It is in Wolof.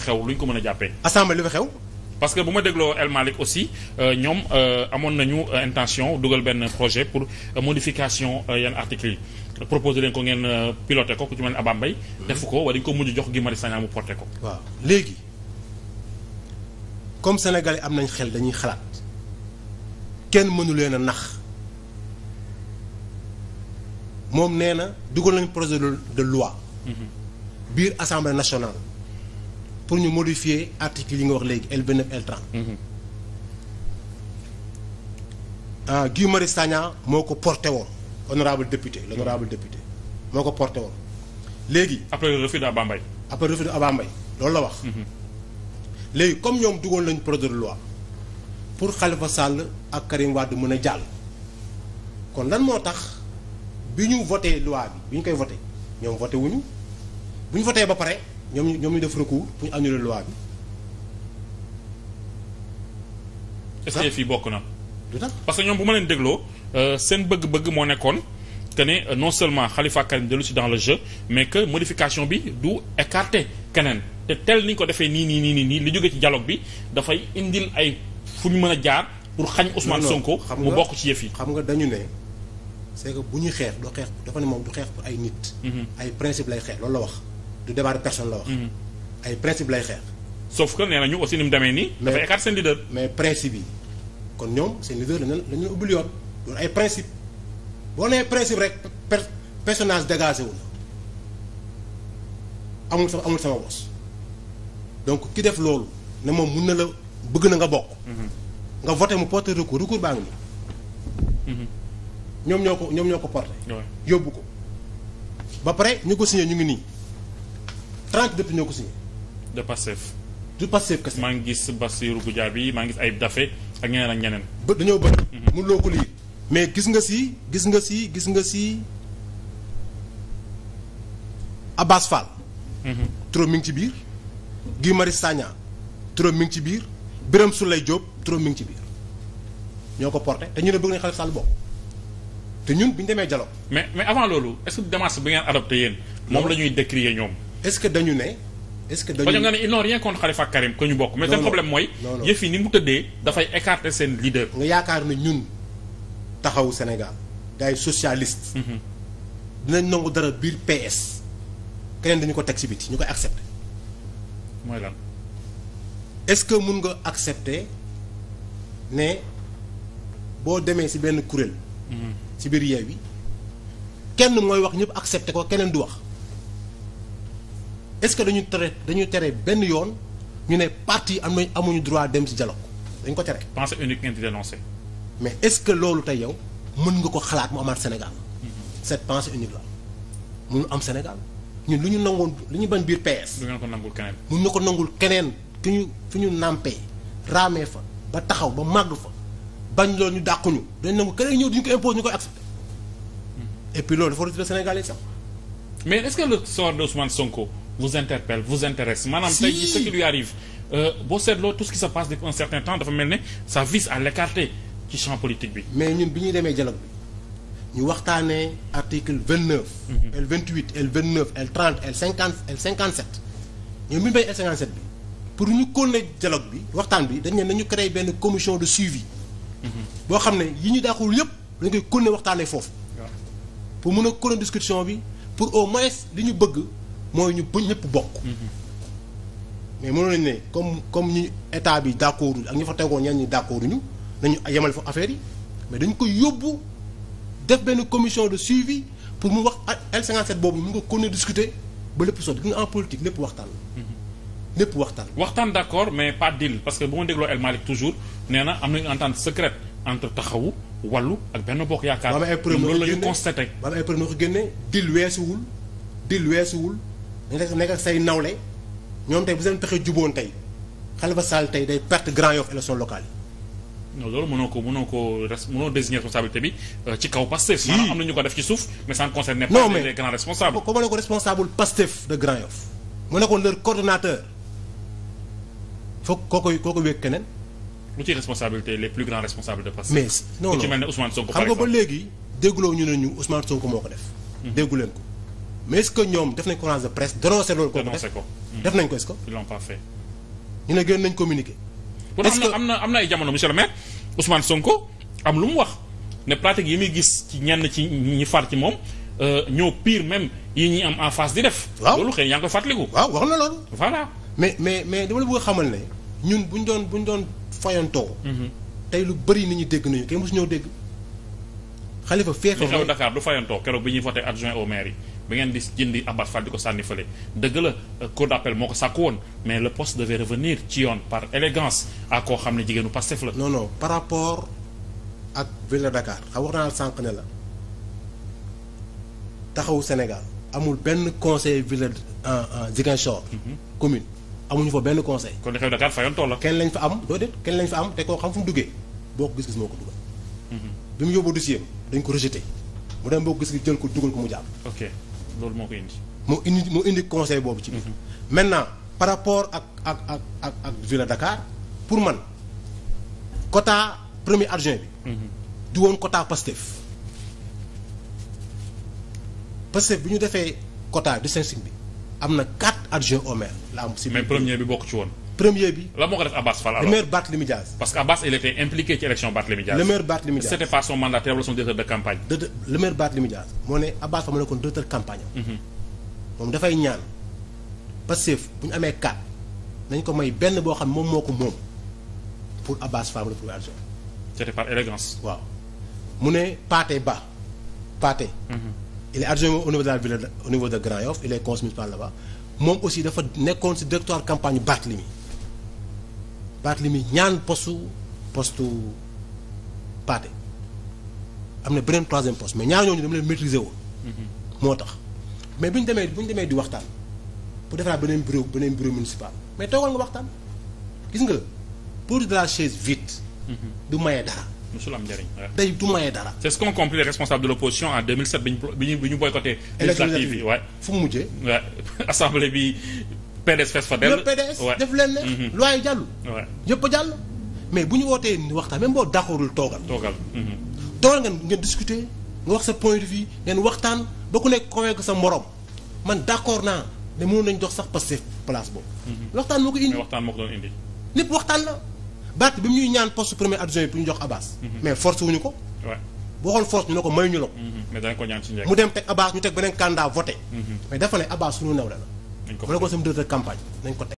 xew lu ñu ko mën a jàppee. assemblée lu fa xew. parce que bu ma dégloo El Malick aussi euh, ñoom euh, amoon nañu euh, intention dugal benn projet pour modification yenn articles yi proposé leen ko ngeen piloté ko ku ci mel ne Abba mbay mm-hmm. defu ko wala dañu ko mujj jox Guy Marius Sagna mu porté ko. waaw léegi comme sénégalais am nañ xel dañuy xalaat kenn mënu leen a nax moom nee na dugal nañ projet de loi. Mm-hmm. biir assemblée nationale. pour ñu modifier article yi nga wax léegi L29 l ah Guy Marius Sagna moo ko porté woon honorable député l'honorable député moo ko porté woon léegi. après le refus d'Abba Mbaye. après le refus d'Abba loolu la wax. Mhm. léegi comme ñoom dugoon lañu projet de loi pour Khalifa Sall ak Karim Wade mën a jàll kon lan moo tax bi ñu voté loi bi bi ñu koy voté ñoom voté wuñu bu ñu ba pare. ñoom ñu ñoom ñu def recours pour ñu annuler loi bi. fii bokk na. du tax parce que ñoom bu ma leen dégloo euh, seen bëgg-bëgg moo nekkoon que ne euh, non seulement Khalifa Karim dellu si dans le jeu mais que modification bi du écarter keneen te tel ni ko defee nii nii nii nii li jógee ci dialogue bi dafay indil ay fu ñu mën a jaar pour xañ Ousmane Sonko. mu bokk ci yëf yi xam nga dañu ne. c'est que bu ñuy xeex doo xeex dafa ne moom du xeex pour ay nit. Mm-hmm. ay principe lay xeex loolu la wax. du débat de personne la wax. Mm. ay principe lay xeex. sauf que nee nañu aussi ni mu demee nii. dafay écart seen leader. mais principe yi kon ñoom seen leader dañu la dañu la ubbil yoon loolu ay principe boo nee principe rek per personnage dégagé wu la amul sama amul sama bos donc ki def loolu ne moom mun na la bëgg na nga bokk. Mm-hmm. nga voté mu porté recours recours baa ngi nii. Mm-hmm. ñoom ñoo ko ñoom ñoo ko porté. yóbbu ko ba pare ñu ko signé ñu ngi nii. 30 députés ñoo ko signé. de Pastef. du Pastef kese. maa ngi gis Bassirou Goudiaby maa ngi gis Ayib Daffé ak ñeneen ak ñeneen. ba dañoo bëri. mënuloo ko lii mais gis nga si gis nga si gis nga si Abbas Fall. Mhm. trop mi ngi ci biir. Guy Marius Sagna trop mi ngi ci biir. Birame Souleye Diop trop mi ci biir. ñoo ko porté te ñu ne bëgg nañu Khalifa Sall te ñun bi ñu demee dialogue. mais mais avant loolu est-ce que bi ngeen adopté yéen. moom la ñuy décrier ñoom. est-ce que dañu ne. est-ce que dañu nga ne ils n'ont rien contre Khalifa Karim que ñu bokk. mais seen problème mooy. yëf ni mu tëddee dafay écarter seen leader. nga yaakaar ne ñun taxawu Sénégal gars socialist socialiste. Mhm. dinañ dara biir PS. keneen dañu ko teg ci biti ñu koy accepter. mooy est-ce que mun nga accepter ne boo demee ci benn kuréel. Mhm. ci biir yeew yi kenn mooy wax ñëpp accepte ko keneen du wax. est-ce que dañu tere dañu tere benn yoon ñu ne parti am nañ amuñu droit dem ci dialogue dañ ko tere. pensée unique ngeen di mais est-ce que loolu tey yow mën nga ko xalaat mu amaat Sénégal mm-hmm. cette pensée unique la mënul am Sénégal ñun lu ñu nangoon lu ñu bañ biir PS. ko nangul keneen. mun na ko nangul keneen ki ñu fi ñu nàmpee raamee fa ba taxaw ba màgg fa bañ loolu ñu dàquñu dañ nangu keneen ñëw duñu ko imposer ñu koy accepter mm-hmm. et puis loolu dafa rëdd Sénégal yi sax. mais est-ce que le de Ousmane Sonko. vous interpelle vous intéresse maanaam tey jii ce qui lui arrive euh, boo seetloo tout ce qui se passe depuis un certain temps dafa mel ne ça vise à l'écarter ci champ politique bi mais ñun bi ñuy demee dialogue bi ñu waxtaanee article vingt neuf mhm. L vingt huit L vingt neuf L trente L cinquante L cinquante sept ñoom bi ñu béy L cinquante sept bi pour ñu continuer bi waxtaan bi dañ ne nañu créer benn commission de suivi mhm. boo xam ne yi ñu daaxul yëpp dañ koy continuer waxtaanee foofu pour mun a continuer discussion bi pour au moins li mooy ñu ba ñëpp bokk. mais mënoon nañu ne comme comme ñu état bi d' accord ak ñu fa tegoon ñenn ñi d' accord ñu nañu yemale fa affaire yi mais dañ ko yóbbu def benn commission de suivi pour mu wax L57 boobu mu nga ko discuter ba lépp sotti nga politique lépp waxtaan lépp waxtaan. waxtaan d' accord mais pas parce que bu ma dégloo El Malick toujours nee na am nañu entente secrète entre taxawu wàllu ak benn bokk yaakaar. loolu la ñu constaté ba am ay preuve ma ko génnee deal weesuwul dil weesuwul. nekk ak say nawle ñoom tey bu seen pexe juboon tey Khalifa Sall tey day perte Grand Yoff élection locale yi. loolu munoo ko mënoo ko res mënoo désigner responsabilité bi euh, ci kaw Pastef. maanaam am na ko def ci suuf mais ça ne concerne pas les grands responsables. non mais comme ko responsable Pastef de Grand Yoff. mu nekkoon leur coordonnateur foog koo koy koo ko wékk keneen. lu ci responsabilité les plus grands responsables de Pastef. mais non non ku ci mel ne Ousmane Sonko. par exemple ba léegi dégguloo ñu ne ñu Ousmane Sonko moo ko def. déggu leen ko. mais est-ce que ñoom def nañ conférence de presse dénoncé loolu. dénoncé ko hmm. def nañ ko est-ce ñu ne gën nañ communiqué. est que am na am na ay jamono monsieur le maire Ousmane ko am lu mu wax ne pratique yi muy gis ci ñenn ci ñi far ci moom euh, ñoo pire même yi ñu am en face di def. waaw loolu xëy na yaa ngi koy fàttaliku. waaw wax na loolu. voilà mais mais mais dama la bëgg a xamal ne ñun bu ñu doon bu ñu doon fayantoo. Mhm. tey lu bëri ni ñi dégg nañu kay mosu ñoo dégg. Xalifa feexal li xew Dakar du fayantoo keroog bi ñuy voté yi. ba ngeen di jëndi Abbas Fall di ko sànni fële dëgg la euh, cour d'appel moo ko sàkku woon mais le poste devait revenir ci yoon par élégance à koo xam ne jigéenu Pastef la. non non par rapport ak ville de Dakar xam wax naa la sànq ne la taxawu Sénégal amul benn conseil ville Ziguinchor. Mhm. commune amuñu fa benn conseil. kon li xew Dakar fayoon tool la. kenn lañ fa am déedéet kenn lañ fa am te koo xam fu mu duggee boo ko gis-gis moo ko dugal. Mhm. bi mu yóbbu dañ ko rejeté mu dem boo gis-gis jël ko dugal ko mu jàpp. ok. loolu moo ko indi. moo indi moo indi conseil boobu ci biir. Mhm. maintenant par rapport ak ak ak ak ak ville Dakar pour man quota premier adjoint bi. Mhm. du woon quota Pastef. Pastef bi ñu defee quota de cinq bi am na quatre adjoints au maire la am. si mais bi bokk ci woon. premier bi. la moo ko def Abass Fall alors le maire Barthélémy Diaz. parce que Abass il était ci élection Barthélémy Diaz. le maire Barthélémy Diaz c'était pas ne Abass Fall moo nekkoon directeur campagne mhm. moom dafay ñaan Pastef bu ñu amee quatre nañ ko may benn boo xam moom moo ko moom pour Abass Fall le premier adjoint. c'était par élégance. waaw mu ne Pathé Ba Pathé. Mhm. il est adjoint au niveau de la ville au de Grand Yoff il est conseiller municipal moom aussi dafa nekkoon Barthélemy ñaan postu postu Pathé am na beneen troisième poste mais ñaar ñooñu dama leen maîtriser woon. Mhm. moo tax mais bu ñu demee bu ñu demee di waxtaan bu defaraat beneen bureau beneen bureau municipal mais toogal nga waxtaan gis nga pour de la chaise vide. Mhm. du maye dara. musul am njëriñ waaw tey du maye dara. c'est ce qu'ont compris les de l'opposition en 2007 bi ñu bi ñu bi ñu boycotté. mu mujjee. waay assemblée bi. PDS def leen ne. Mhm. loi yi jàll. waaw yëpp a jàll mais bu ñu wootee waxtaan même boo d'accordul toogal. toogal. Mhm. toogal ngeen ngeen discuter nga wax sa point de vue ngeen waxtaan ba ku nekk convaincre sa morom man d'accord naa ne mënoon nañ jox sax Pastef place boobu. Mhm. waxtaan moo ko indi waxtaan moo ko waxtaan la baat bi mu ñuy ñaan poste premier adjoint bi pour ñu jox Abbas. mais force wuñu ko. boo xool force ñu ne ko mayuñu la ko. mais dañ ko ñaan ci njëkk mu dem teg Abbas ñu teg beneen candidat voté. mais dafa ne Abbas suñu nawle la. nañ ko fa teg bu nekkoon ko teg.